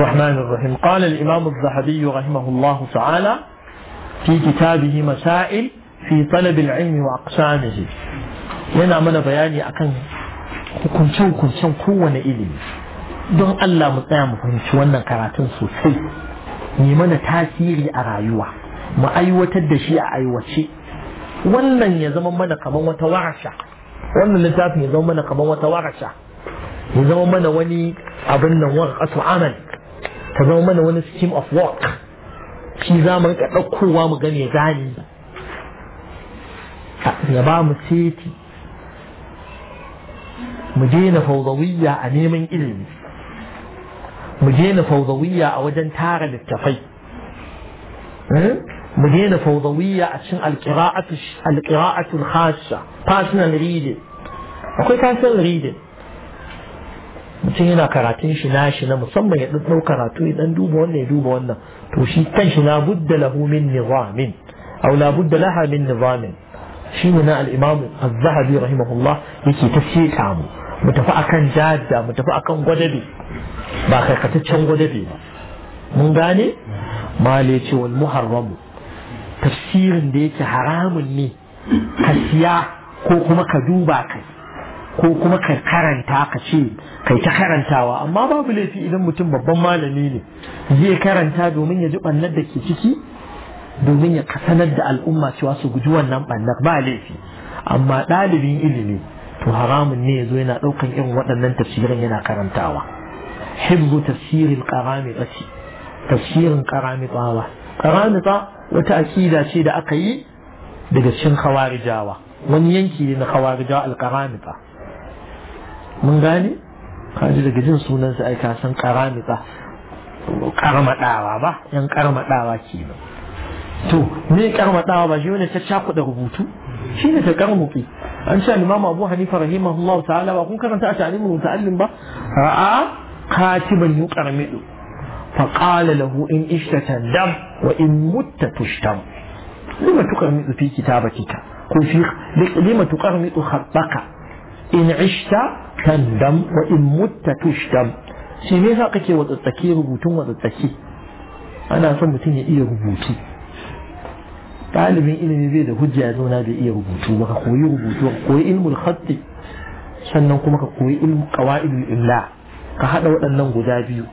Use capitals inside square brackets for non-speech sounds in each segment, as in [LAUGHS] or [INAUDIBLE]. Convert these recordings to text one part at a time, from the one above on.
الرحمن الرحيم قال الإمام الذهبي رحمه الله تعالى في كتابه مسائل في طلب العلم وأقسامه لنا من بياني أكن كن شو كن شو قوة إلي دون الله متعم فهم شو أن كراتن سوسي نمنا تاسيري أرايوا ما أيوة تدشي أيوة شيء wannan ya zama mana kamar wata warasha wannan littafin ya zama mana kamar wata warasha ya zama mana wani abin nan wa qasu amal ta zama mana wani scheme of work shi za mu rika ɗaukowa mu gane zani ya ba mu seti mu daina fawdawiyya a neman ilimi mu daina fawdawiyya a wajen tara littafai mu daina fawdawiyya a cikin alƙira'atu alƙira'atu khassa personal reading akwai personal reading sai yana karatun shi na shi na musamman ya ɗau karatu ya ɗan duba wannan ya duba wannan to shi kan shi na budda lahu min nizamin aw la budda laha min nizamin shi ne na al-imam az-zahabi rahimahullah yake ta mu mu tafi akan jadda mu tafi akan gwadabe ba kai ka karkataccen gwadabe ba mun gane male ce wal muharram tafsirin da yake haramun ne ka siya ko kuma ka duba kai ko kuma ka karanta ka ce kai ta karantawa amma babu laifi idan mutum babban malami ne zai karanta domin ya ji bannar da ke ciki domin ya sanar da al'umma cewa su guji wannan bannar ba laifi amma ɗalibin ilimi to haramun ne ya zo yana ɗaukan irin waɗannan tafsirin yana karantawa hibbu tafsirin ƙarami ɓaci tafsirin ƙarami tsawa wata aƙida ce da aka yi daga cikin khawarijawa wani yanki ne na khawarijawa alƙarami tsawa mun gane kaji daga jin sunansa ai ka san karamita karmadawa ba yan karmadawa nan. to me karmadawa ba shi ne ta cakuɗa rubutu shi ne ta karmuki an ce limamu abu hanifa rahimahullah ta'ala ba kun karanta a ta'alimin muta'allim ba A'a ra'a katiban yuqarmidu فقال له إن اشتت الدم وإن مت تشتم لما تقرمط في كتابتك وفي لما تقرمط خطك إن عشت تندم وإن مت تشتم سيمي هاكك وتتكي ربوتون وتتكي أنا أفهم تيني إيه ربوتي طالب من إلي نبيد هجة يزونا بي إيه ربوتو وكوي ربوتو وكوي علم الخط سننكم كوي علم قوائد الإملاء كهذا وأن ننقو ذابيو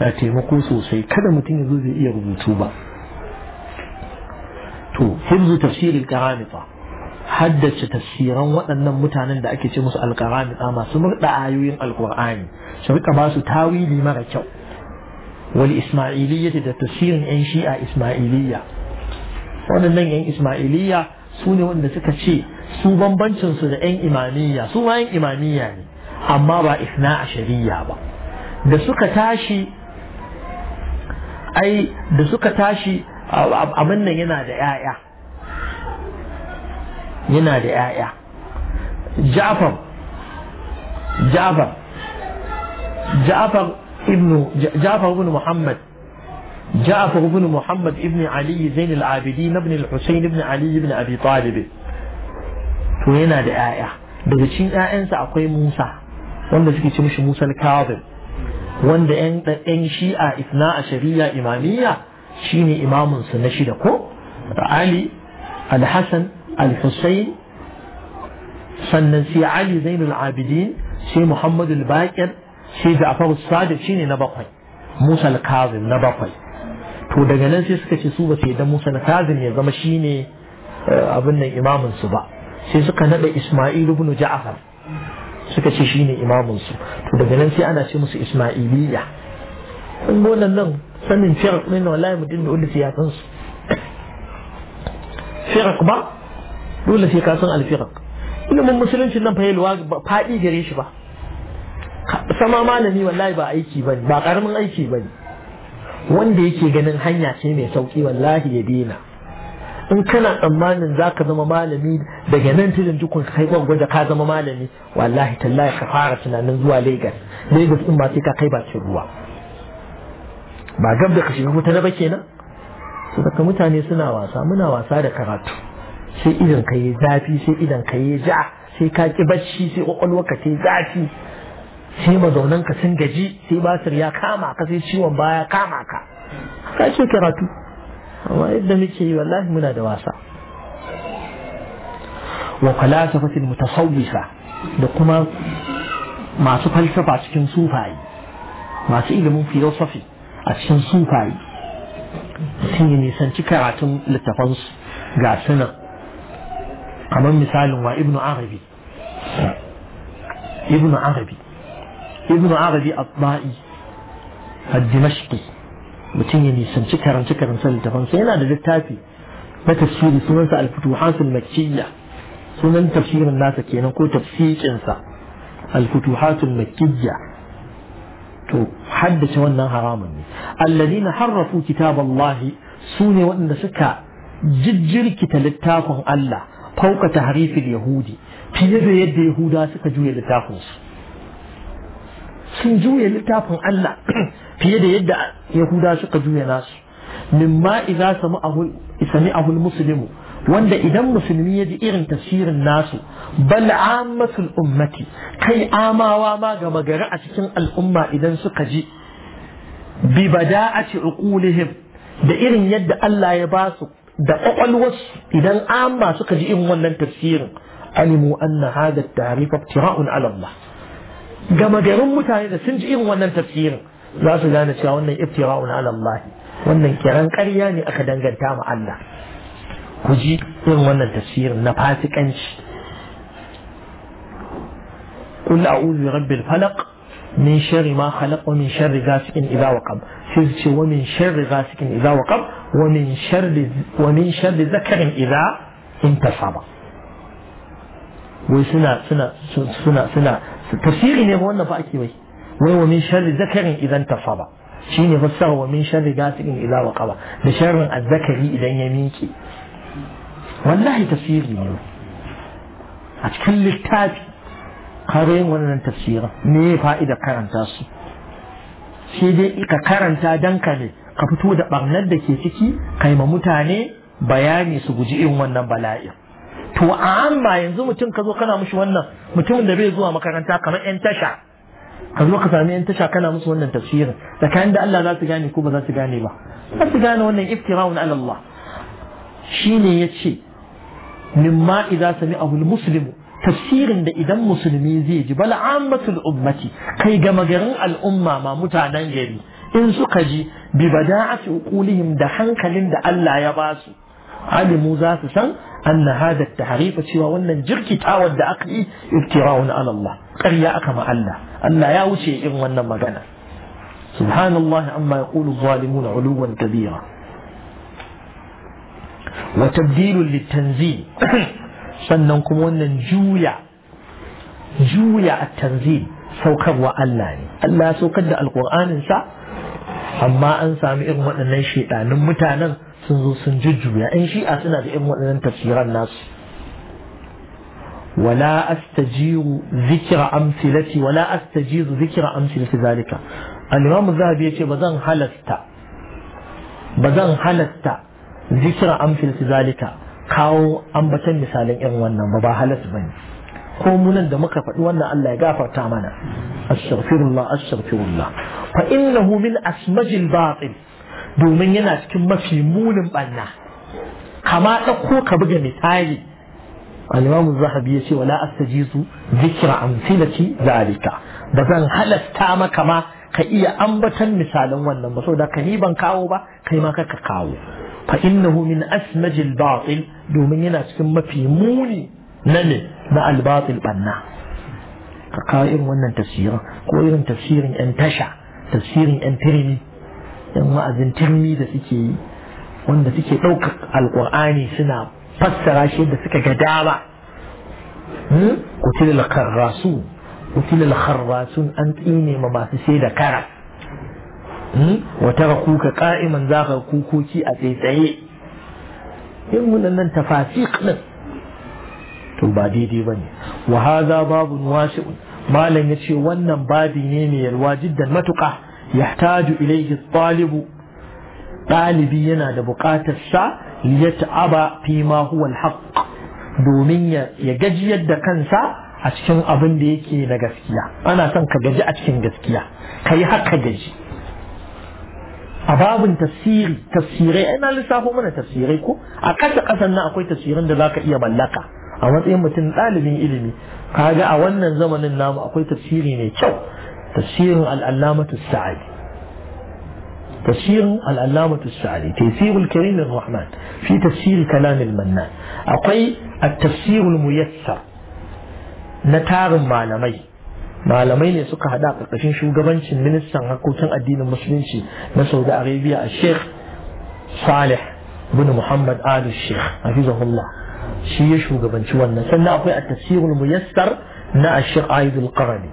لكن ما قوسه سي كذا متين يزو بي إيه ربوتو با تو حفظ تفسير الكرامطة haddace tafsiran waɗannan mutanen da ake ce musu alƙarani a masu murɗa ayoyin alƙur'ani su rika ba su tawili mara kyau Wani ismailiyya da tafsirin yan shi'a ismailiyya waɗannan yan ismailiyya su ne wanda suka ce su bambancin su da yan imamiyya su ma yan imamiyya ne amma ba isna a shari'a ba da suka tashi ai da suka tashi abin nan yana da 'ya'ya yana da 'ya'ya ja'far ja'far ja'far ibn ja'far ibn muhammad جعفر بن محمد ابن علي زين العابدين ابن الحسين ابن علي ابن أبي طالب to yana da ‘ya'ya daga cikin ‘ya'yansa akwai Musa wanda suke ce mishi Musa al-Kazim wanda ‘yan shi'a isna a shari'a imamiyya shine imaminsu na shida ko Ali al-Hassan al-Husayn sannan sai Ali Zainul Abidin sai Muhammadu al-Baqir sai Ja'far as-Sadiq shine na bakwai Musa al-Kazim na bakwai to daga nan sai suka ce su ba sai da Musa al-Kazim ya zama shine abin nan imamin su ba sai suka nada Isma'il ibn Ja'far suka ce shine imamin su to daga nan sai ana ce musu Isma'iliya kun gonan nan sanin fiqh ne wallahi mutum da ulisi ya san su fiqh ba dole sai ka san alfirak ilimin musuluncin nan fahimwa faɗi gare shi ba sama malami wallahi ba aiki ba ba karamin aiki ba wanda yake ganin hanya ce mai sauki wallahi ya dina. in kana tsammanin za ka zama malami daga nan tilin jikun kai gwangwaje ka zama malami wallahi tallahi ka fara tunanin zuwa lagos lagos in ba sai ka kai bakin ruwa ba gab da ka shiga wuta na ba kenan su mutane suna wasa muna wasa da karatu sai idan ka yi zafi sai idan ka yi ja sai ka ki bacci sai kwakwalwa ta zafi sai mazaunan ka sun gaji sai basir ya kama ka sai ciwon baya kama ka ka ce karatu amma yadda muke yi wallahi muna da wasa wa falasafatil mutasawwifa da kuma masu falsafa cikin sufayi masu ilimin filosofi a cikin sufayi sun yi nisanci karatun littafansu ga sunan kamar misalin wa ibnu arabi ibnu arabi ibnu arabi abba'i ad-dimashqi mutum ya nisanci karance karance littafansa yana da littafi na tafsiri sunansa al-futuhatul makkiyya sunan tafsirin nasa kenan ko tafsirinsa al-futuhatul makkiyya to haddace wannan haramun ne alladina harrafu kitaballahi sune waɗanda suka jijjirkita littafin Allah fauka tahrifil yahudi fiye da yadda yahuda suka juya littafin su sun juya littafin Allah fiye da yadda yahuda suka juya nasu mimma idza sami'ahu sami'ahu muslimu wanda idan musulmi ya ji irin tafsirin nasu bal ammatul ummati kai amawa ma ga gari a cikin al'umma idan suka ji bi bada'ati uqulihim da irin yadda Allah ya ba su da kwakwalwarsu idan an ba suka ji irin wannan tafsirin alimu anna hada tarifa tira'un ala Allah gama garin mutane da sun ji irin wannan tafsirin za su gane cewa wannan iftira'un ala Allah wannan kiran ƙarya ne aka danganta ma Allah ku ji irin wannan tafsirin na fasikanci قل أعوذ برب الفلق من شر ما خلق ومن شر غاسق إذا وقب سيزش ومن شر غاسق إذا وقب ومن شر ومن شر ذكر إذا انتصب وسنا سنا سنا سنا تفسير نبوة فأكيد وي ومن شر ذكر إذا انتصب شيني فسر ومن شر غاسق إذا وقب بشر الذكر إذا يميك والله تفسير نبوة أتكلم التاج kaga yin wannan tafsirin me fa'idar karanta su sai dai ka karanta dan ka ne ka fito da barnar da ke ciki kai ma mutane bayani su guji yin wannan bala'in to a amma yanzu mutum ka zo kana mushi wannan mutumin da bai zuwa makaranta kamar yan tasha ka zo ka sami yan tasha kana musu wannan tafsirin tsakanin da Allah za su gane ko ba za su gane ba za su gane wannan iftira'un ala Allah shine yace mimma idza sami'ahu al-muslimu tafsirin da idan musulmi zai ji bal ammatul ummati kai gama garin al'umma ma mutanen gari in suka ji bi bada'ati uqulihim da hankalin da Allah ya ba su alimu za su san anna hada tahrifa cewa wannan jirkitawar da aka yi iftira'un ala Allah ƙarya aka ma Allah Allah ya wuce in wannan magana subhanallah amma yaqulu zalimun uluwan kabira wa tabdilun litanzil sannan kuma wannan juya juya a tanzil saukarwa Allah ne Allah ya saukar da sa amma an sami irin waɗannan shaiɗanin mutanen sun zo sun jujjuya in shi'a suna da irin waɗannan tafsiran nasu ولا أستجير ذكر أمثلتي ولا أستجير ذكر أمثلة ذلك الإمام الذهبي يقول بزن حلست بزن حلست ذكر أمثلة ذلك kawo ambatan misalan irin wannan ba ba halas bane ko munan da muka faɗi wannan Allah ya gafarta mana astaghfirullah astaghfirullah fa innahu min asmajil batil domin yana cikin mafi munin banna kama ko ka buga misali al-imam zahabi yace wala astajizu dhikra amsilati zalika ba zan halasta maka ma ka iya ambatan misalan wannan ba saboda ka ni ban kawo ba kai ma ka kawo fa innahu min asmajil batil domin yana cikin mafi muni na ne na albatil banna ka kawo irin wannan tafsirin ko irin tafsirin yan tasha tafsirin yan tirmi yan wa'azin tirmi da suke yi wanda suke ɗaukar alƙur'ani suna fassara shi da suka ga dama kutilil hmm? kharrasu kutilil kharrasun an tsine ma masu sai da kara Hmm? wata kuka ka'iman za ka kukoki a tsaitsaye yin waɗannan tafasik ɗin to ba daidai bane. ne wa babu washi'un malam ya ce wannan babi ne mai yalwa jiddan matuƙa ya taju ilaihi ɗalibu ɗalibi yana da buƙatar sa ya ta'aba fi ma huwa alhaq domin ya gajiyar da kansa a cikin abin da yake na gaskiya ana son ka gaji a cikin gaskiya ka yi haka gaji a babin tafsiri tafsirai ina lissafo mana tafsirai ko a kasa kasan nan akwai tafsirin da zaka iya mallaka a matsayin mutum ɗalibin ilimi kaga a wannan zamanin namu akwai tafsiri mai kyau tafsirin al'allamatu sa'adi تفسير العلامة السعدي تيسير الكريم الرحمن في تفسير كلام المنان أقي التفسير الميسر نتار مالمي malamai ne suka hada ƙarƙashin shugabancin ministan harkokin addinin musulunci na saudi arabia a sheikh salih bin muhammad ali sheikh hafizahullah shi ya shugabanci wannan sannan akwai a tafsirul muyassar na a sheikh aidul qarni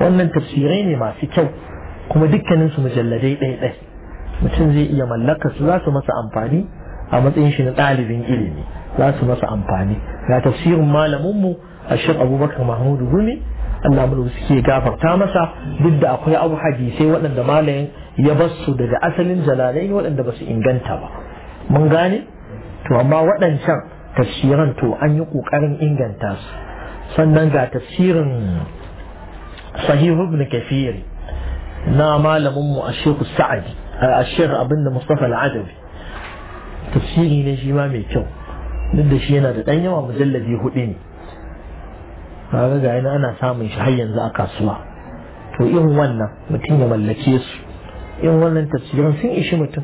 wannan tafsirai ne masu kyau kuma dukkanin su mujalladai ɗaya ɗaya mutum zai iya mallaka su za su masa amfani a matsayin shi na ɗalibin ilimi za su masa amfani ga tafsirin malaminmu a sheikh abubakar Mahmud gumi Allah suke gafarta masa duk da akwai abu hadisai waɗanda malayin ya basu daga asalin jalalai waɗanda ba su inganta ba mun gane to amma waɗancan tafsiran to an yi ƙoƙarin inganta su sannan ga tafsirin sahih ibn kafiri na malamin mu ashir sa'adi ashir abin da al al'adabi tafsiri ne shi ma mai kyau duk da shi yana da ɗan yawa mujallabi hudu ne kaga ga ina ana samun shi har yanzu a kasuwa to in wannan mutum ya mallake su in wannan tafsirin sun ishi mutum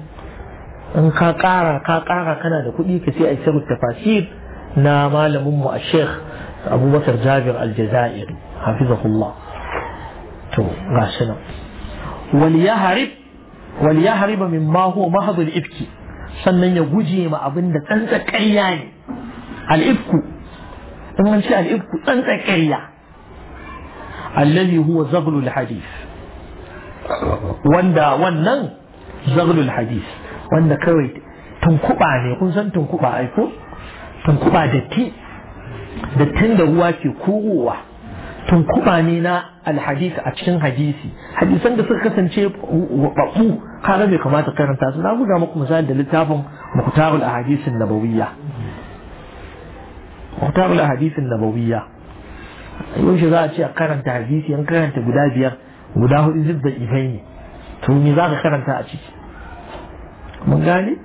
in ka kara ka kara kana da kuɗi ka sai a isa tafasir na malamin mu a sheikh abubakar jabir aljazairi hafizahullah to ga shi nan wal yahrib wal yahrib mimma huwa mahdhul ifki sannan ya guje ma abin tsantsa ƙarya ne al ifku in shi ce ku tsantsan ƙarya allazi huwa zaglul hadis wanda wannan zaglul hadis wanda kawai tunkuba ne kun san tunkuba ai ko tunkuba datti dattin da ruwa ke kurowa tunkuba ne na alhadis a cikin hadisi hadisan da suka kasance babu kaga bai kamata karanta su na buga muku misali da littafin muktarul ahadisin nabawiyya muhtarul hadisin nabawiyya yau shi za a ce a karanta hadisi an karanta guda biyar guda hudu zub da ifai ne to me za ka karanta a ciki mun gane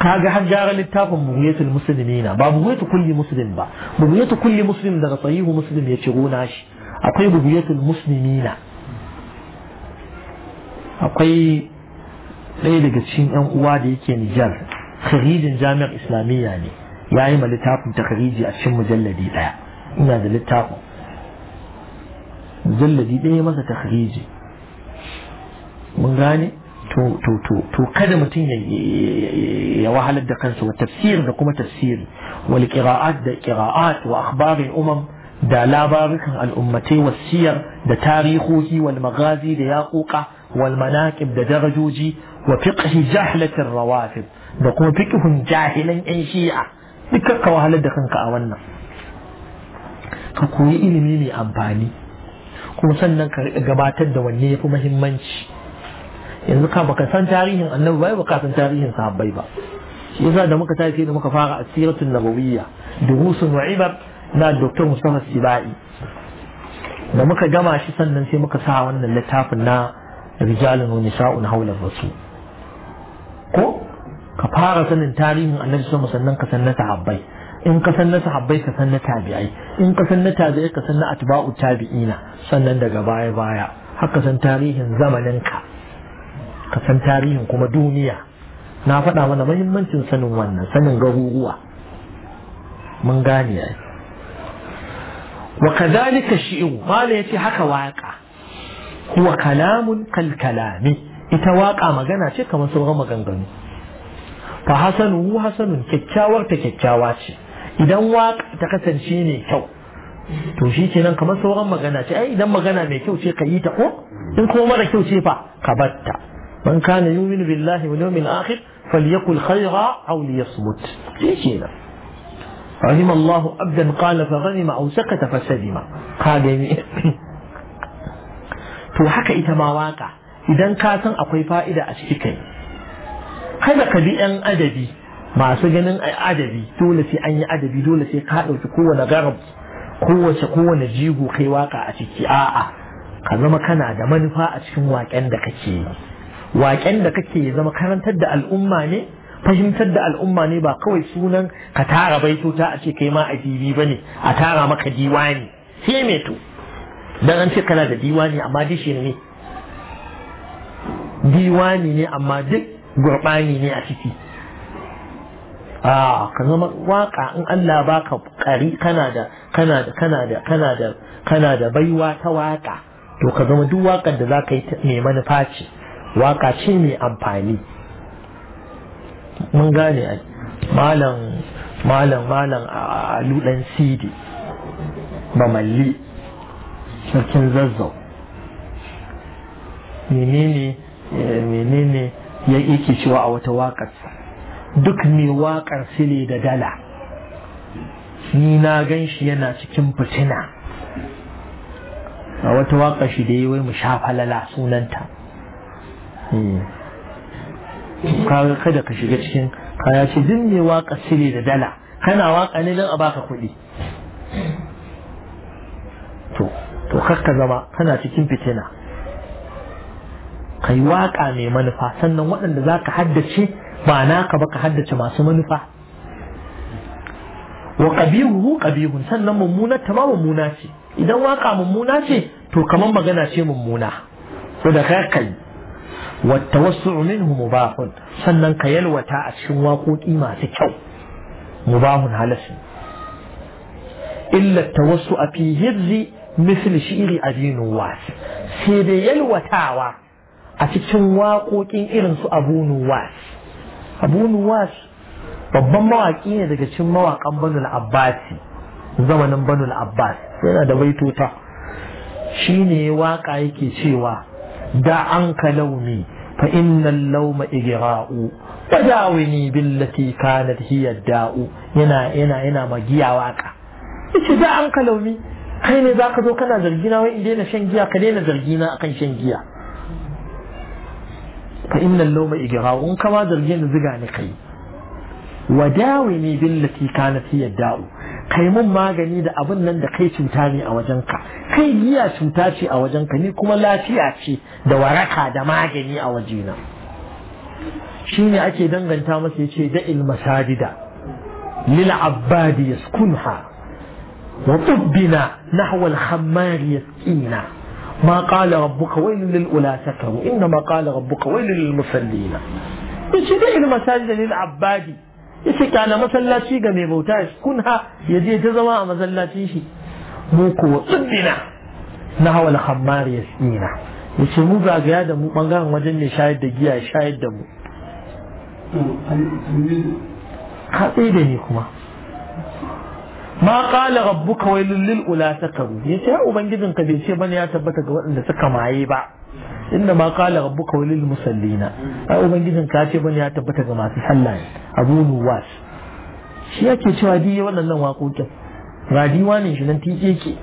Ka ga har gyara littafin buhuyatul musulmi na ba buhuyatul kulli muslim ba buhuyatul kulli muslim daga sahihu muslim ya ciro shi akwai buhuyatul musulmi na akwai ɗaya daga cikin yan uwa da yake Nijar kharijin jami'ar islamiyya ne ya yi ma littafin takhriji a cikin mujalladi daya ina da littafin mujalladi daya masa takhriji mun gane to to to to kada mutum ya ya wahalar da kansa wa tafsir da kuma tafsir wal qira'at da qira'at wa akhbar al umam da labarukan al ummati wa siyar da tarihohi wal magazi da yaquqa wal manaqib da darajoji wa fiqh jahlat jahlatir rawafid da kuma fiqhun jahilan an shi'a duk ka wahalar da kanka a wannan ka koyi ilimi mai amfani kuma sannan ka gabatar da wanne ya fi muhimmanci yanzu ka baka san tarihin annabi ba baka san tarihin sahabbai ba shi yasa da muka tafi da muka fara asiratul nabawiyya durusun wa ibad na dr musamman sibai da muka gama shi sannan sai muka sa wannan littafin na rijalun wa nisa'un hawla rasul ko ka fara sanin tarihin annabi sama sannan ka san na sahabbai in ka san na sahabbai ka san na tabi'ai in ka san na tabi'ai ka san na atba'u tabi'ina sannan daga baya baya haka san tarihin zamanin ka ka san tarihin kuma duniya na faɗa mana mahimmancin sanin wannan sanin garuruwa mun gane ai wa kadhalika shi'u mala yace haka waka huwa kalamun kal kalami ita waka magana ce kamar sauran maganganu fa hasanu hasanun kyakkyawar ta kyakkyawa ce idan waka ta kasance mai kyau to shi kenan kamar sauran magana ce ai idan magana mai kyau ce ka yi ta ko in ko mara kyau ce fa ka batta man kana yuminu billahi wal yawmil akhir falyakul khayra aw liyasmut shi kenan رحم الله عبدا قال فغنم او سكت فسلم قال to haka ita ma waka idan ka san akwai fa'ida a ciki kai kada ka bi yan adabi masu ganin adabi dole sai an yi adabi dole sai ka ɗauki kowane garab kowace kowane jigo kai waka a ciki a'a ka zama kana da manufa a cikin waken da kake yi waƙen da kake ya zama karantar da al'umma ne fahimtar da al'umma ne ba kawai sunan ka tara baitota a ce kai ma adibi ba ne a tara maka diwani sai me to dan an ce kana da diwani amma dishi ne diwani ne amma duk gurbani ne a ciki a ka zama waka in Allah baka kari kana da kana da kana da kana da kana da baiwa ta waka to ka zama duk wakar da zaka yi mai manufa ce waka ce mai amfani mun gane a malam malam malam a ludan sidi mamalli sarkin zazzau menene eh, menene ya yake cewa a wata waƙar duk mai waƙar sile da dala ni na gan shi yana cikin fitina a wata waƙar shi da yi wai mu sha falala sunanta hmm. kaga kada ka shiga cikin kaya ce duk mai waƙar sile da dala kana waƙa ne don a baka kuɗi to to kakka zama kana cikin fitina kai waka mai manufa sannan waɗanda za ka haddace ba naka ba ka haddace masu manufa wa qabihuhu qabihun sannan mummuna ta ma mummuna ce idan waka mummuna ce to kamar magana ce mummuna ko da kai kai wa tawassu'u minhu mubahun sannan ka yalwata a cikin waƙoƙi masu kyau mubahun halasin illa tawassu a fi hizzi misli shi'iri abinu was sai da yalwatawa a cikin waƙoƙin irin su abu nuwas abu nuwas babban mawaƙi ne daga cikin mawaƙan banul abbasi zamanin banul abbas yana da baitota shi ne waƙa yake cewa da an ka launi fa innal lauma igra'u fadawini billati kanat hiya da'u yana yana yana magiya waka yace da an ka launi kai ne zaka zo kana zargina wai in daina shan giya ka daina zargina akan shan giya Ka innal lawma igra'u in kama zargi ni ziga ne kai wadawi ni billati kanat hiya da'u kai mun magani da abin nan da kai cuta ne a ka. kai giya cuta ce a wajenka ni kuma lafiya ce da waraka da magani a wajena shine ake danganta masa yace da'il masajida lil abbadi yaskunha wa tubbina nahwa al khammar yaskina ما قال ربك ويل للأولى سكروا إنما قال ربك ويل للمصلين yace dai ilma sajida lil abbadi yace kana masallaci ga mai bauta kunha yaje ta zama a masallacin shi mu ko tsibbina na hawal khammar yasina yace mu ga ga da mu bangaren wajen ne shayar da giya shayar da mu hatsi da kuma ma qala rabbuka wailul lil ula sakaru yace ubangijin ka bai ce bane ya tabbata ga waɗanda suka maye ba inda ma qala rabbuka wailul musallina ai ubangijin ka ce bane ya tabbata ga masu sallah abu nuwas shi ke cewa di waɗannan waƙoƙin radiwa ne shi nan tike ke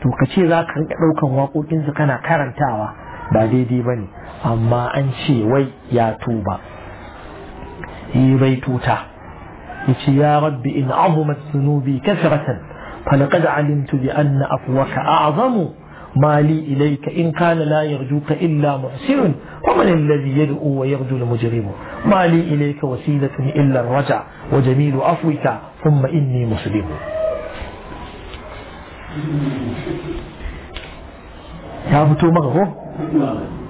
to ka ce za ka rika ɗaukan waƙoƙinsu kana karantawa ba daidai ba ne amma an ce wai ya tuba yi يا رب إن عظمت ذنوبي كثرة فلقد علمت بأن أفوك أعظم ما لي إليك إن كان لا يرجوك إلا محسن ومن الذي يدعو ويرجو المجرم ما لي إليك وسيلة إلا الرجع وجميل عفوك ثم إني مسلم يا fito مغرو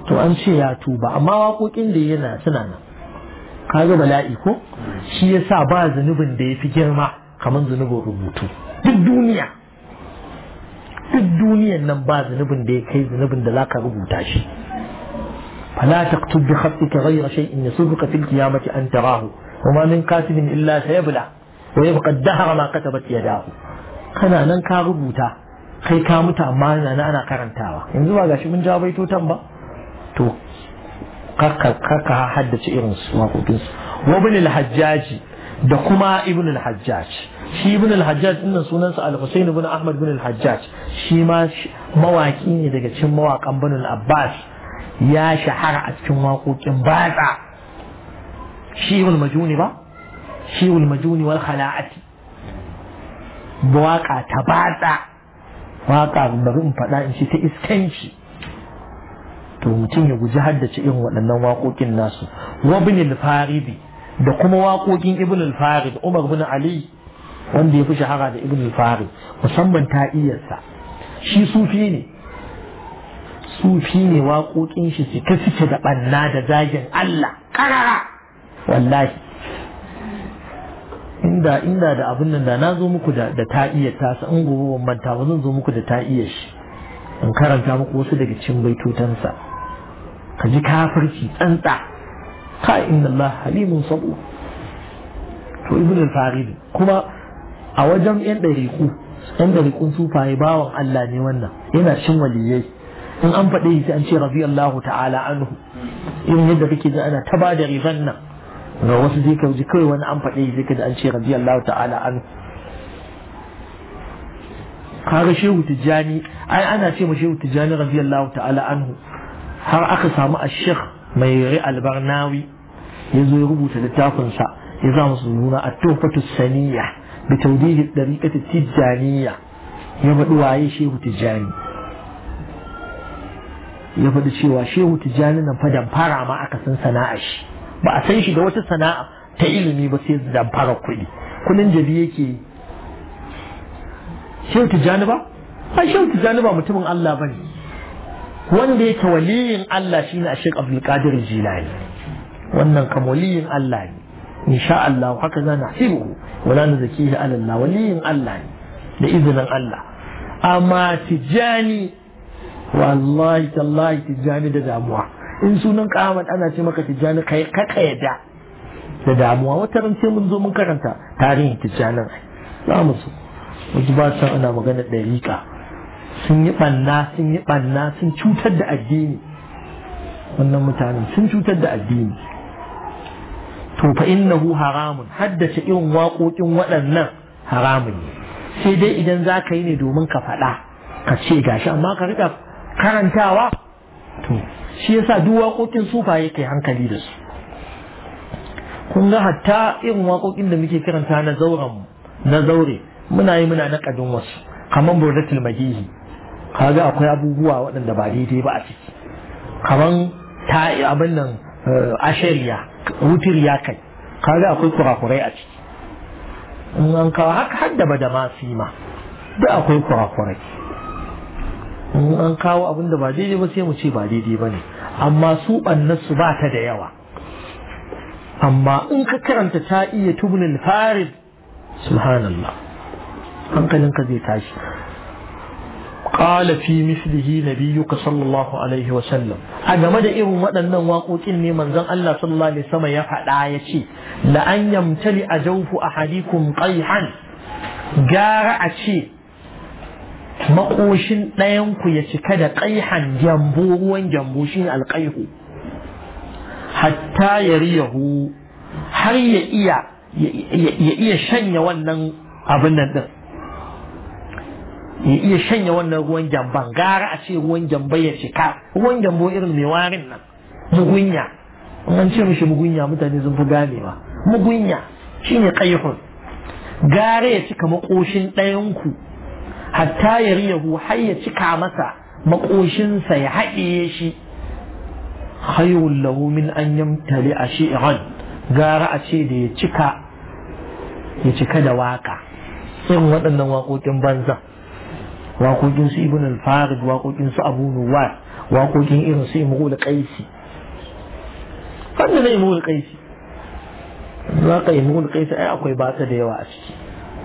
تو to يا توبة ما tuba إن waƙoƙin سنانا Ka ga bala'i ko shi yasa ba zunubin da yafi girma kamar zunubin rubutu duk duniya duk duniyan nan ba zunubin da ya kai zunubin da zaka rubuta shi فلا تكتب بخطك غير شيء يصدق في القيامة أن تراه وما من ka إلا ma ويبقى الدهر ما كتبت يداه kana nan ka rubuta kai ka mutu amma na ana karantawa yanzu ba gashi mun jawo baito tan ba to kaka haddace irin su waƙoƙin su hajjaji da kuma ibn al-hajjaj shi ibn al-hajjaj dinnan sunansa al-husayn ibn ahmad ibn al-hajjaj shi ma mawaki ne daga cikin mawakan banu abbas ya shahara a cikin waƙoƙin batsa shi ibn majuni ba shi ibn majuni wal khala'ati waka ta batsa waƙa bari in faɗa in ce ta iskanci to mutum ya guji haddace irin waɗannan waƙoƙin nasu wabin ibn da kuma waƙoƙin ibn al umar bin ali wanda ya fi shahara da ibn al musamman ta iyarsa shi sufi ne sufi ne waƙoƙin shi suke suke da ɓanna da zagin Allah ƙarara wallahi inda da abin nan da na zo muku da ta iya in gobe ban manta ba zan zo muku da ta shi in karanta muku wasu daga cikin baitotansa ka ji kafirci tsantsa ka inna Allah halimun sabu to ibn al-farid kuma a wajen yan dariku yan darikun sufaye bawan Allah ne wannan yana shin waliyai in an faɗe shi an ce radiyallahu ta'ala anhu irin yadda kake ji ana ta bada riban nan ga wasu zai ka ji kawai wani an faɗe shi da an ce radiyallahu ta'ala anhu kaga shehu tijjani ai ana ce ma shehu tijjani radiyallahu ta'ala anhu har aka samu a shekh mai yare albarnawi ya zo ya rubuta littafinsa ya za musu nuna a tofatu saniya da taudihi ɗariƙata tijjaniya ya faɗi waye shehu tijjani ya faɗi cewa shehu tijjani nan fa damfara ma aka san sana'a shi ba a san shi da wata sana'a ta ilimi ba sai da damfara kuɗi kuɗin jari yake shehu tijjani ba ba shehu tijjani ba mutumin Allah ba ne wanda yake waliyin Allah shine a Sheikh Abdul Qadir Jilani wannan kam waliyin Allah ne sha Allah haka za na hibu wala na zakihi ala Allah waliyin Allah ne da izinin Allah amma tijani wallahi tallahi tijani da damuwa in sunan ka Ahmad ana ce maka tijani kai ka kayyada da damuwa wata ran sai mun zo mun karanta tarihin tijanin za mu so wajen ana magana rika. sun yi ɓanna sun yi ɓanna sun cutar da addini wannan mutanen sun cutar da addini to fa innahu haramun haddace irin waƙoƙin waɗannan haramun ne sai dai idan za ka yi ne domin ka faɗa ka ce gashi amma ka riƙa karantawa to shi yasa duk waƙoƙin sufa yake hankali da su kun ga hatta irin waƙoƙin da muke karanta na zauren na zaure muna yi muna na ƙadin wasu kamar burdatul majihi kaga akwai abubuwa waɗanda ba daidai ba a ciki kamar ta abin nan eh, ashariya ya kai kaga akwai kurakurai a ciki in an kawo haka har da da masu ma duk akwai kurakurai in an kawo abin da ba daidai ba sai mu ce ba daidai ba ne amma su ɓannarsu ba ta da yawa amma in ka karanta ta iya tubnin farid subhanallah hankalinka zai tashi qala fi mislihi nabiyyuka sallallahu alaihi wa sallam a game da irin waɗannan waƙoƙin ne manzon Allah sallallahu alaihi wasallam ya faɗa ya ce la an yamtali a hadikun ƙaihan. gara a ce makoshin ɗayanku ya cika da ƙaihan gyambo ruwan gyambo shine alqaihu hatta yahu har ya iya shanye wannan abin nan din ya iya shanya wannan ruwan jamban gara a ce ruwan jamban ya cika ruwan jambo irin mai warin nan mugunya an ce mishi mugunya mutane sun fi ganewa mugunya shine qaihun gara ya cika makoshin ɗayan ku hatta ya riyahu har ya cika masa sa ya haɗe shi khayrun lahu min an yamtali a gara a ce da ya cika ya cika da waka irin waɗannan waƙoƙin banza واقوجين سو ابن الفارد واقوجين سو ابو نوار واقوجين ايرن سو امول قيسي كان ده امول قيسي ما قاي امول قيسي اي اكو باسه ده يوا اشكي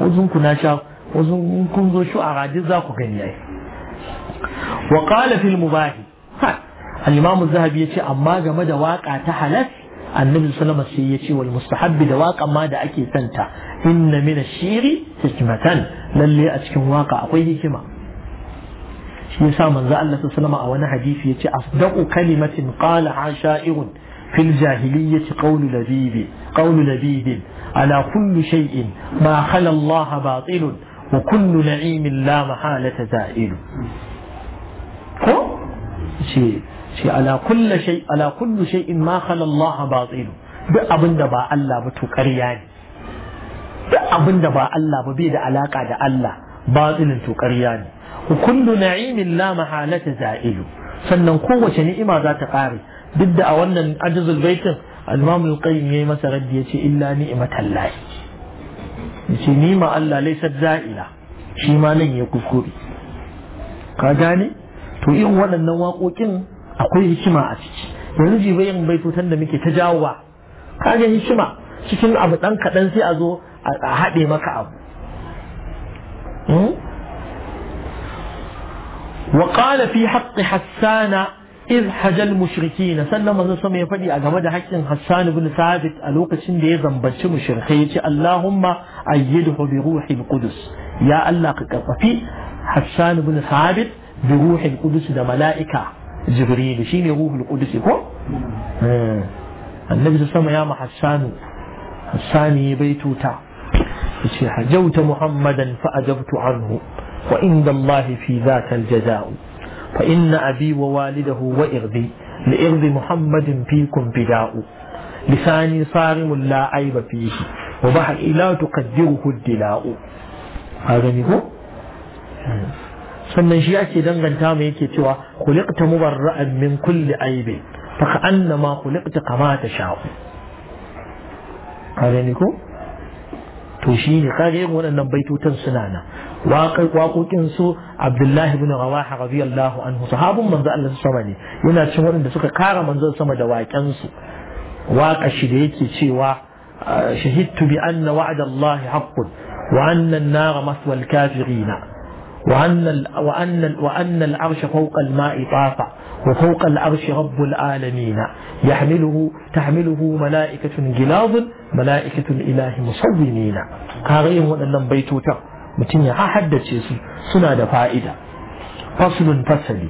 وزن كنا شا وزن كون زو شو اراد زاكو غنياي وقال في المباح الامام الذهبي يتي اما غما ده واقع تحلس النبي صلى الله عليه وسلم يتي والمستحب ده واقع ما ده اكي سنتا ان من الشيري حكمه للي اشكي واقع اكو حكمه shi yasa manzo Allah sallallahu a wani hadisi yace afdaqu kalimatin qala asha'irun fil jahiliyyati qawlu labib qawlu labib ala kulli shay'in ma khala Allah batilun wa kullu na'imin la mahalata za'ilu ko ce ce ala kulli shay ala kulli shay'in ma khala Allah batilun duk abinda ba Allah ba to ƙarya ne duk abinda ba Allah ba bai da alaka da Allah batilun to ƙarya ne kullu na'imin la mahalata za'ilu sannan kowace ni'ima za ta kare duk da a wannan ajizul baitin al-imam al-qayyim yayi masa raddi yace illa ni'matan lahi yace ni'ma Allah laysa za'ila shi ma nan ya kuskure ka gane to irin waɗannan waƙoƙin akwai hikima a ciki yanzu jibayin baitutan da muke ta jawowa ka ga hikima cikin abu ɗan kaɗan sai a zo a haɗe maka abu hmm? وقال في حق حسان إذ حج المشركين سلم الله سمي فدي أجمد حق حسان بن ثابت ألوك سند يزنبتش مشركي اللهم أيده بروح القدس يا الله ففي حسان بن ثابت بروح القدس ده ملائكة جبريل شين روح القدس يكون النبي صلى الله عليه يا حسان حسان بيتوتا حجوت محمدا فأجبت عنه وعند الله في ذاك الجزاء فإن أبي ووالده وإغذي لإغذ محمد فيكم بداء لساني صارم لا عيب فيه وبحري لا تقدره الدلاء هذا نقول sannan shi ake danganta mai yake cewa khuliqta mubarra'an min kulli aibin fa ka'annama khuliqta kama ta sha'u kare ni ko to shi ne kare irin waɗannan baitutan suna nan waƙoƙin su abdullahi bin rawaha radiyallahu anhu sahabun manzo Allah sama ne yana cikin waɗanda suka kara manzo sama da waƙen su waƙa shi da yake cewa shahidtu bi anna wa'da Allah haqqun wa anna an-nar maswa al-kafirin wa anna wa anna wa anna al-arsha fawqa al-ma'i tafa وفوق العرش رب العالمين يحمله تحمله ملائكة غلاظ ملائكة الإله مصومين قارئ ولن بيتوتا mutum ya haddace su suna da fa'ida fasulun fasali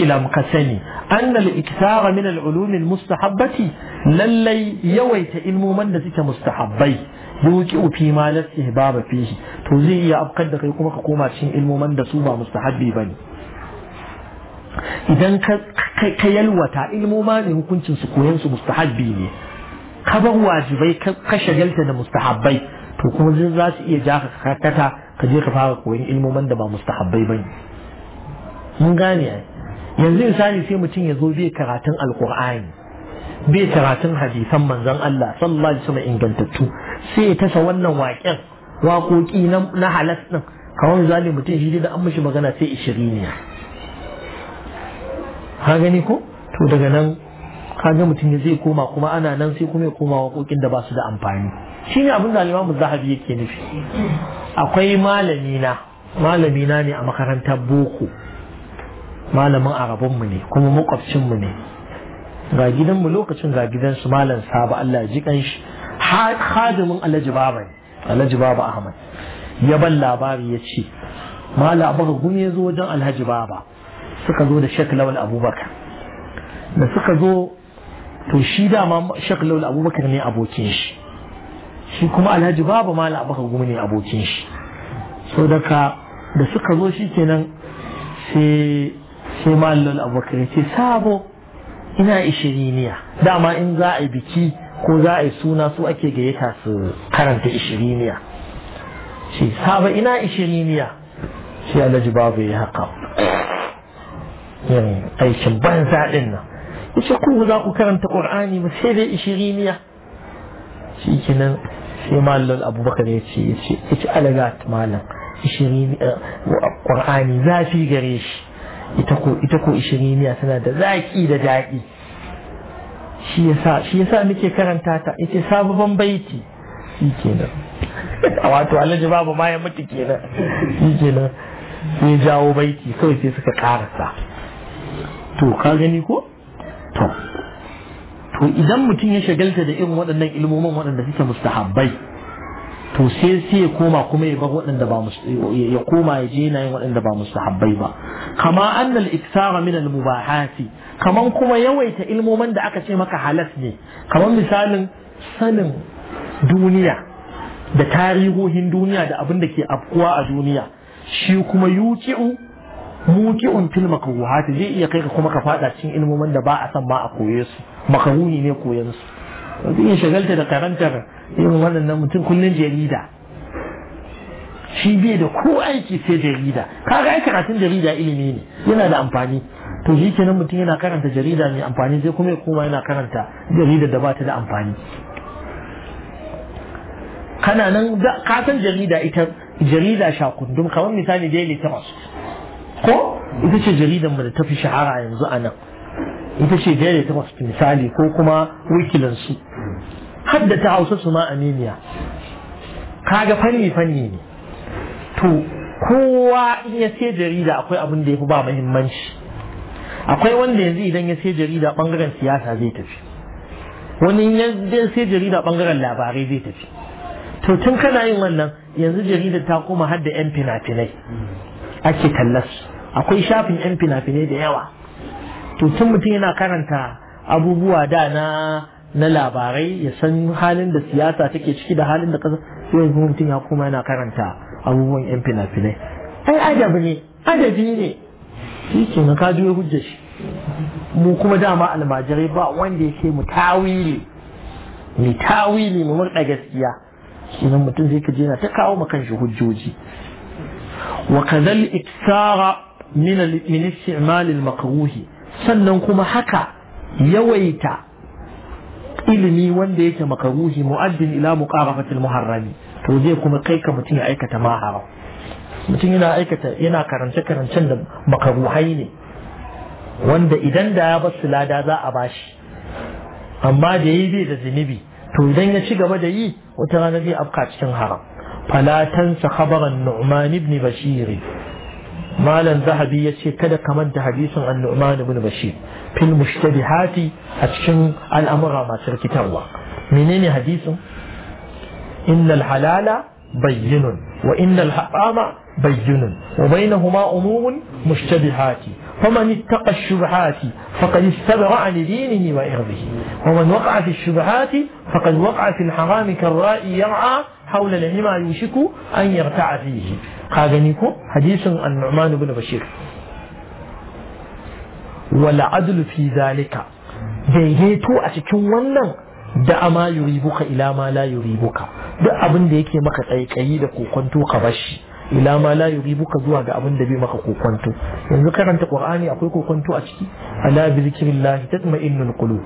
ilam ka sani annal iktara min al-ulum al-mustahabbati lallai yawaita ilmoman da suke mustahabbai yuki ufi ma la istihbaba fihi to zai iya afkar da kai kuma ka koma cikin ilmoman da su ba mustahabbi bane idan ka yalwata ilmoma ne hukuncin su koyan su mustahabbi ne ka bar wajibai ka shagalta da mustahabbai to kuma zai za su iya ja ka karkata ka je ka fara koyon ilmomin da ba mustahabbai bane mun gane yanzu Sani sai mutum ya zo bai karatun alkur'ani bai karatun hadisan manzon Allah sallallahu alaihi wasallam ingantattu sai ya tasa wannan waƙen waƙoƙi na halas din kawai misali mutum shi da an mishi magana sai ne. ka gani ko to daga nan ga mutum ya zai koma kuma ana nan sai kuma ya koma waƙoƙin da ba su da amfani Shi ne abin da alimamu Zahabi yake nufi akwai malami malamina ne a makarantar boko malamin arabinmu ne kuma makwabcinmu ne ga gidan mu lokacin ga gidansu malam Saba Allah ji kan shi hadimin Alhaji Baba ne Alhaji Ahmad ya ban labari ya ce ma labarin gumi ya zo wajen Alhaji Baba suka zo da Sheikh Lawal Abubakar da suka zo to shi dama shek Lawal Abubakar ne abokin shi shi kuma alhaji babu la baka gumi abokin shi so daga da suka zo shi kenan sai sai malal abubakar ya sabo ina ishiriniya dama in za a yi biki ko za a yi suna su ake gayyata su karanta ishiriniya shi sabo ina ishiriniya shi alhaji babu ya haka yin aikin sa din nan ita ku za ku karanta ƙur'ani ba sai dai ishiriniya shi kenan sai malam abubakar ya ce ya ce ya alagat malam ishirin ƙwar'ani eh, zafi gare shi ita ko ita ishiriniya tana da zaƙi da daɗi shi ya sa yasa muke karanta ta ita sababban baiti shi kenan a [LAUGHS] wato alaji babu ma ya mutu kenan shi kenan sai jawo baiti kawai sai suka karasa to ka gani ko to to idan mutum ya shagalta da irin waɗannan ilmomin waɗanda suke mustahabbai to sai sai ya koma kuma ya bar waɗanda ba ya koma ya je yana yin waɗanda ba mustahabbai ba kama annal iktara min al mubahati kaman kuma yawaita ilmomin da aka ce maka halas ne kaman misalin sanin duniya da tarihohin duniya da abin da ke afkuwa a duniya shi kuma yuki'u muki'un fil wahati zai iya kai ka kuma ka fada cikin ilmomin da ba a san ma a koye su makaruni ne koyan su ya shagalta da karantar irin waɗannan mutum kullum jarida shi bai da ko aiki sai jarida kaga ai karatun jarida ilimi ne yana da amfani to shi kenan mutum yana karanta jarida mai amfani sai kuma ya koma yana karanta jarida da ba ta da amfani kana nan ka san jarida ita jarida shakundum kamar misali daily trust ko ita ce jaridan mu da tafi shahara yanzu a nan ita ce daily ta misali ko kuma wikilansu hadda ta hausa su ma aminiya kaga fanni fanni ne to kowa in ya sai jarida akwai abin da ya fi ba muhimmanci akwai wanda yanzu idan ya sai jarida bangaren siyasa zai tafi wani ya sai jarida bangaren labarai zai tafi to tun kana yin wannan yanzu jarida ta koma hadda yan fina-finai ake kallas akwai shafin yan fina-finai da yawa to tun mutum yana karanta abubuwa da na na labarai ya san halin da siyasa take ciki da halin da kasa sai yanzu mutum ya koma yana karanta abubuwan yan fina-finai ai adabi ne adabi ne shi ke na kaji ya hujja shi mu kuma dama almajirai ba wanda ya mu tawili mu tawili mu murɗa gaskiya idan mutum zai kaje na ta kawo makan shi hujjoji wa kadhal iksara min al-istimal al-makruhi sannan kuma haka yawaita ilimi wanda yake makaruhi mu'addin ila muqarafatil muharrami to zai kuma kai ka mutum ya aikata haram. mutum yana aikata yana karance karancen da makaruhai ne wanda idan da ya bar lada za a bashi amma da yi bai da zunubi to idan ya ci gaba da yi wata rana zai afka cikin haram fala tansa khabaran nu'man ibn bashir مالن ذهبي يشي كذا كمان تحديث عن نعمان بن بشير في المشتبهات أتشن الأمر ما شرك تروى منين حديث إن الحلال بين وإن الحرام بين وبينهما أمور مشتبهات فمن اتقى الشبهات فقد استبرع لدينه وإرضه ومن وقع في الشبهات فقد وقع في الحرام كالرائي يرعى haula lima yushiku an yarta'a fihi ka gani ko hadisin an-nu'man ibn bashir wala adlu fi zalika daidaito a cikin wannan da ama yuribuka ila ma la yuribuka duk abin da yake maka tsaikayi da kokonto ka bashi ila ma la yuribuka zuwa ga abin da bai maka kokonto yanzu karanta qur'ani akwai kokonto a ciki ala bi zikrillah tatma'innul qulub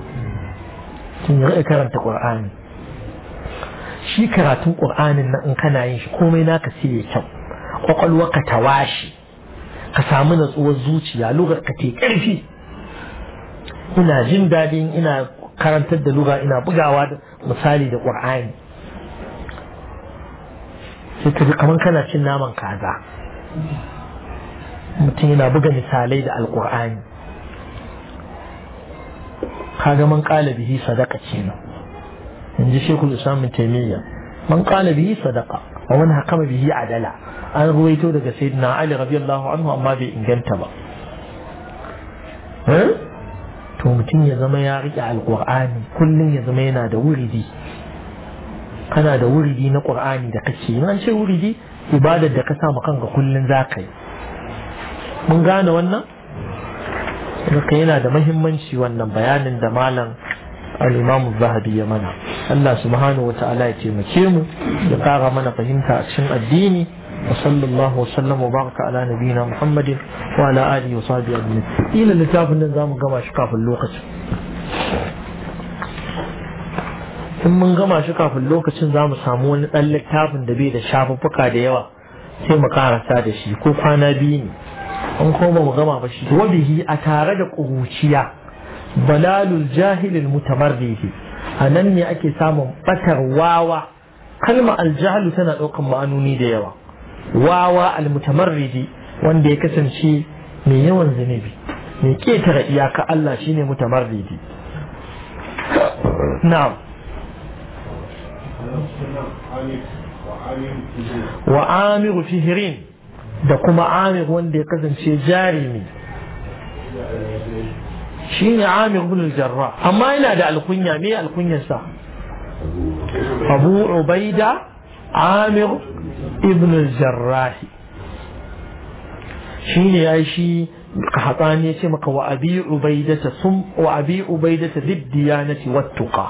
kin karanta qur'ani shi karatun ƙur'anin nan in kana yin shi komai naka sai ya kyau kwakwalwa ka ta washe ka samu natsuwar zuciya lugar ka ƙarfi ina jin daɗin ina karantar da lugar, ina bugawa da misali da ƙur'ani sai ka ji kamar kana cin naman kaza mutum yana buga misalai da alƙur'ani ka man ƙala bihi sadaka kenan in ji shekul islam min taimiyya man qala bihi sadaqa wa man hakama bihi adala an ruwaito daga sayyidina ali radiyallahu anhu amma bai inganta ba to mutum ya zama ya riƙe alƙur'ani kullum ya zama yana da wuridi kana da wuridi na ƙur'ani da kake yi an ce wuridi ibadar da ka sa ma kanka kullum za ka yi mun gane wannan yana da mahimmanci wannan bayanin da malam al-imamu zahabi ya mana Allah subhanahu wa ta'ala ya taimake mu ya ƙara mana fahimta a cikin addini wa sallallahu wasallam wa baraka ala nabiyina muhammadin wa ala alihi wa sahbihi ajma'in ila littafin nan zamu gama shi kafin lokacin in mun gama shi kafin lokacin zamu samu wani ɗan littafin da bai da shafuffuka da yawa sai mu karanta da shi ko kwana biyu ne an koma mu gama ba shi wabihi a tare da ƙuruciya balalul jahilil mutamarrihi a nan ne ake samun batar wawa kalma aljahalu tana ɗaukan ma'anoni da yawa wawa almutamarridi wanda ya kasance mai yawan zunubi mai ketare iyaka Allah shine mutamarridi na'am wa amiru fihirin da kuma amir wanda ya kasance jarimi شيني عامر بن الجراح أما إلى دع الكنيا مي الكنيا سا أبو عبيدة عامر ابن الجراح شيني عايشي قحطاني سمك وأبي عبيدة ثم وأبي عبيدة ذي الديانة والتقى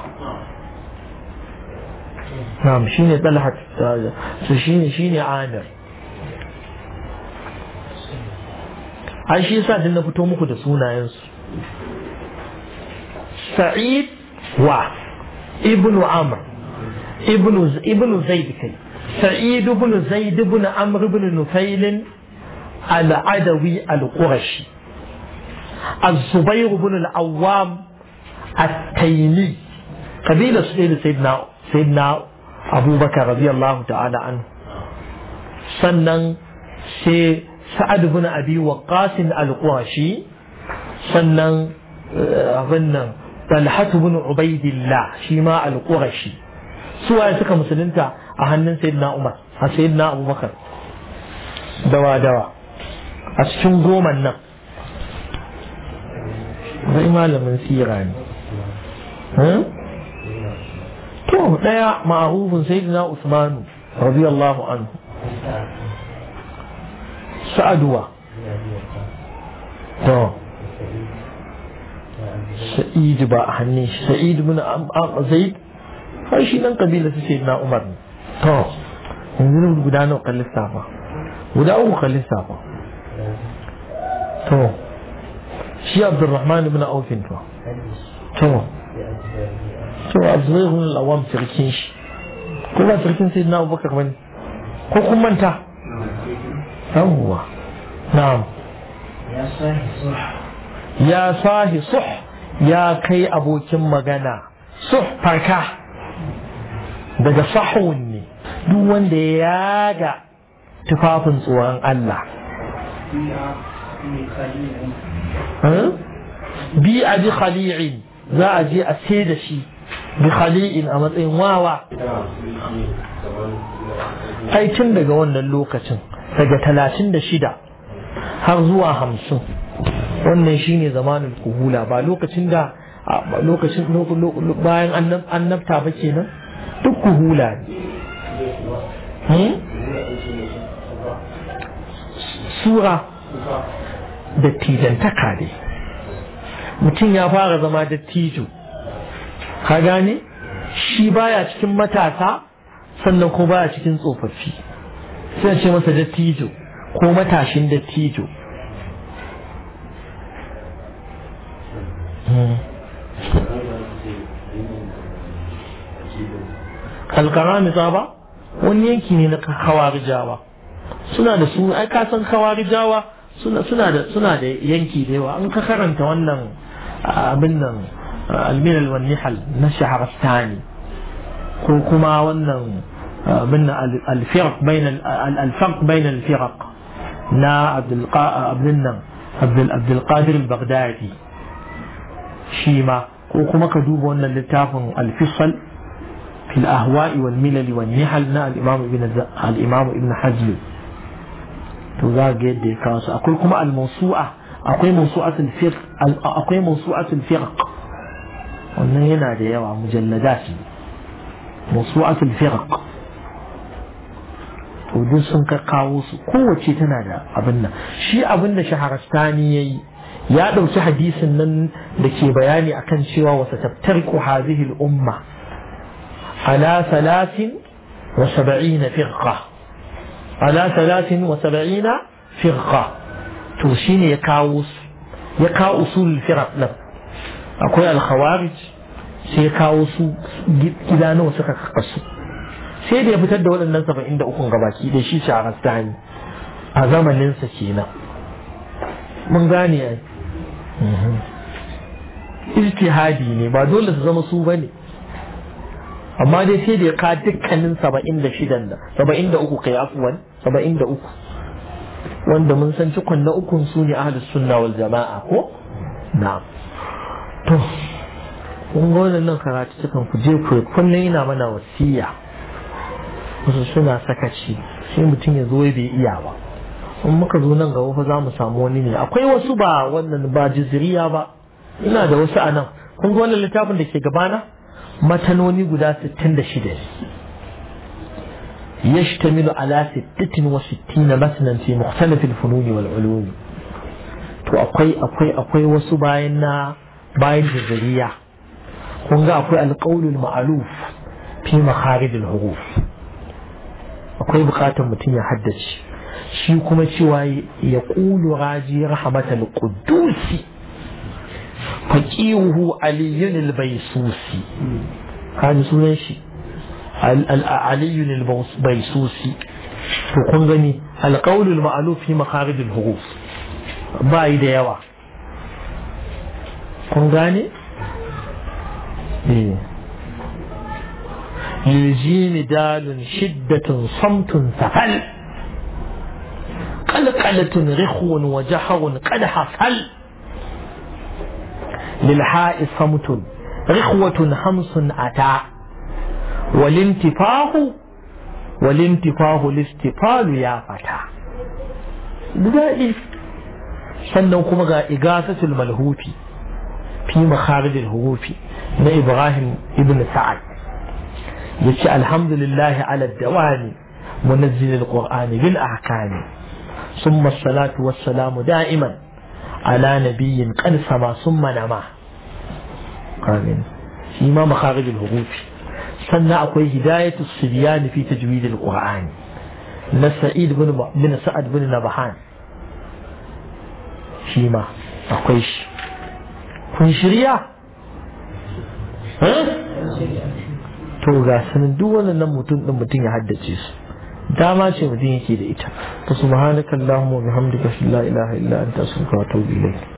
نعم شيني طلعت شيني شيني عامر أي شيء سعد إنه فتو مخد سونا sa'id wa ibn amr ibn ibn zaid kai sa'id ibn zaid ibn amr ibn nufail al-adawi al-qurashi الزبير بن العوام التيمي قبيلة سيدنا سيدنا أبو بكر رضي الله تعالى عنه سنن سي سعد بن أبي وقاص القرشي سنن أظن طلحة بن عبيد الله شيماء القرشي سواء سكا مسلمتا أهنن سيدنا عمر سيدنا أبو بكر دوا دوا أسكن قوم النم زي ما لم نسيران تو دايا طيب، معروف سيدنا عثمان رضي الله عنه سأدوا تو طيب. sa'id ba a hannun shi sa'id bin zaid har shi nan kabila su ce na umar ne to yanzu guda nawa kan lissafa guda uku kan lissafa to shi abdurrahman ibn aufin to to to abdullahi ibn awam sirkin shi ko ba sirkin sai na abubakar bane ko kun manta yawwa na'am ya sahi suh ya kai abokin magana su farka daga sahun ne duk wanda ya yaga tufafin tsoron Allah hmm? bi a bi khali'in za a je a sai da shi bi khali'in a matsayin wawa aikin daga wannan lokacin daga talatin da shida har zuwa hamsin wannan shine zamanin kuhula ba lokacin da lokacin bayan annabta ba kenan duk kuhula ne hmm? sura da tijantaka ne mutum ya fara zama dattijo ka gane shi baya cikin matasa sannan ko baya cikin tsofaffi sai ce masa dattijo ko matashin dattijo alkarami ba wani yanki ne na kawarijawa suna da su ai ka san kawarijawa suna suna da suna da yanki da yawa an ka karanta wannan abin nan almilal wan nihal na shaharastani ko kuma wannan abin nan alfirq bain alfarq bain alfirq na abdul abdul nan abdul abdul qadir al-baghdadi shi ma ko kuma ka duba wannan littafin alfisal fil ahwa'i wal milal wal nihal na al-imam ibn al-imam ibn hajj to za ga yadda ya kawo su akwai kuma al-mawsu'a akwai mawsu'atul fiqh akwai mawsu'atul fiqh wannan yana da yawa mujalladat mawsu'atul fiqh to duk sun ka kawo su kowace tana da abin nan shi abin da shaharastani yayi يا دم شو حديث من لكي بياني أكن شوا وستبترك هذه الأمة على ثلاث وسبعين فرقة على ثلاث وسبعين فرقة توشين يكاوس يكا أصول الفرق لب أقول الخوارج سيكاوس إذا نو سكك قص سيد يبتدى ولا ننسى عند أكون غباكي ليش يشعر الثاني هذا ما ننسى شينا من غاني يعني. Mhm. ijtihadi ne ba dole su zama su ba ne. amma dai sai da ya ka dukkanin saba'in da shidan da saba'in da uku kai afuwan saba'in da uku wanda mun san cikon na ukun su ne ahalus sunna wal jama'a ko na to kun ga wannan karatu cikin ku je ku kullum ina mana wasiya wasu suna sakaci sai mutum ya zo bai iya ba in muka zo nan gaba fa za mu samu wani ne akwai wasu ba wannan ba jiziriya ba ina da wasu a nan kun ga wannan littafin da ke gabana matanoni guda 66 يشتمل wa ستة وستين متنا في مختلف الفنون والعلوم to akwai akwai akwai wasu bayan na bayan jiziriya kun ga akwai alƙaulul ma'aluf fi makharijul huruf akwai bukatar mutum ya haddace shi kuma cewa ya ƙulu raji rahmatal kudusi faqihu aliyun albaysusi kan sunan shi aliyun albaysusi to kun gani alqawlul ma'luf fi makharij alhuruf bai da yawa kun gane يجيم دال شدة صمت ثقل قلقلة رخو وجحر قدح فل للحاء صمت رخوة همس أتى والانتفاه والانتفاه الاستفال يا فتى لذلك سنوكم إغاثة الملهوف في مخارج الهروف من إبراهيم ابن سعد يقول الحمد لله على الدوام منزل القرآن بالأحكام ثم الصلاة والسلام دائما على نبي قد سما ثم نما آمين إمام مخارج الهروب سنة أقوي هداية الصبيان في تجويد القرآن نسعيد بن بن سعد بن نبحان شيما أقوي kun shirya? to ga sanin duk wannan mutum ɗin mutum ya haddace su dama ce mutum yake da ita subhanakallahumma wa bihamdika la ilaha illa anta astaghfiruka wa atubu ilayk